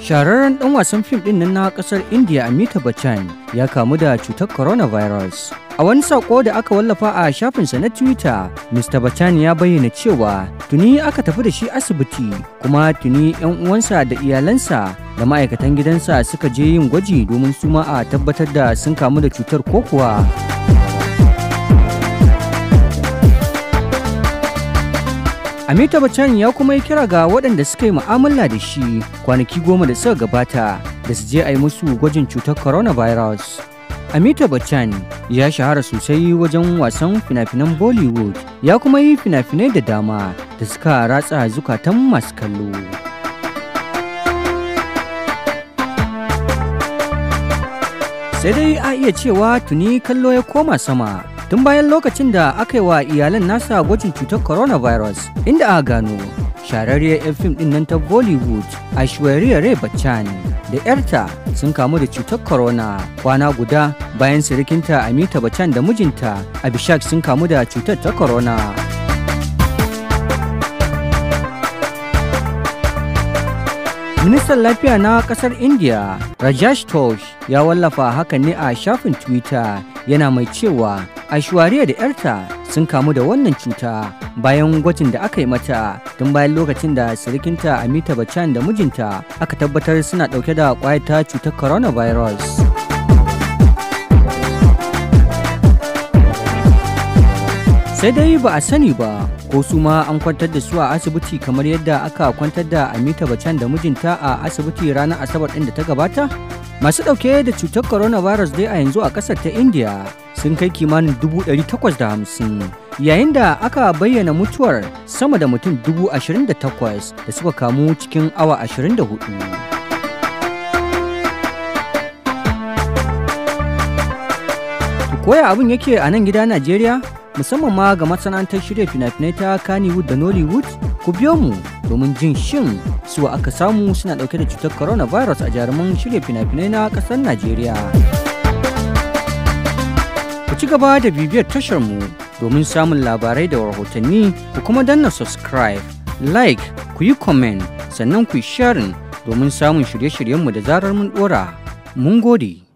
Shahararren ɗan wasan fim ɗin nan na ƙasar India Amita Bachchan ya kamu da cutar coronavirus. A wani saƙo da aka wallafa a shafinsa na Twitter, Mr. Bachchan ya bayyana cewa tuni aka tafi da shi asibiti kuma tuni 'yan uwansa da iyalansa da ma'aikatan gidansa suka je yin gwaji domin su ma a tabbatar da sun kamu da cutar ko kuwa. Amita Bachan ya kuma yi kira ga waɗanda suka yi mu'amala da shi kwanaki goma da suka gabata da su je a yi musu gwajin cutar coronavirus. Amita Bachchan ya shahara sosai wajen wasan fina-finan Bollywood ya kuma yi fina-finai da dama da suka ratsa zukatan masu kallo. Sai dai a iya cewa tuni kallo ya koma sama tun bayan lokacin da aka yi wa iyalan nasa gwajin cutar coronavirus inda a gano shararriyar 'yan fim din nan ta bollywood ashwarya rai bachchan da 'yarta sun kamu da cutar corona kwana guda bayan sirikinta amita bachchan da mijinta abishak sun kamu da cutar ta corona. Ministan Lafiya na kasar India, Rajesh Tosh, ya wallafa hakan ne a shafin Twitter yana mai cewa Aishwarya da 'yarta sun kamu da wannan cuta bayan gwajin da aka yi mata tun bayan lokacin da sirikinta Amita bacan da mijinta aka tabbatar suna ɗauke da ƙwayata cutar coronavirus. sai dai ba a sani ba ko su ma an kwantar da su a asibiti kamar yadda aka kwantar da amita bacan da mijinta a asibiti ranar asabar ɗin da ta gabata masu ɗauke da cutar coronavirus dai a yanzu a ƙasar ta Indiya. sun kai kimanin 850 yayin da aka bayyana mutuwar sama da mutum 28,000 da suka kamu cikin awa 24. koya abin yake a nan gida Najeriya musamman ma ga masana'antar shirya fina-finai ta Kannywood da Nollywood ku biyo mu domin jin shin suwa aka samu suna dauke da cutar coronavirus a jaruman shirya fina-finai na kasar Najeriya. ci gaba da bibiyar tasharmu domin samun labarai da rahotanni ku kuma danna subscribe, like, ku yi comment sannan ku yi sharing domin samun shirye-shiryenmu da zarar mun ɗora. Mun gode.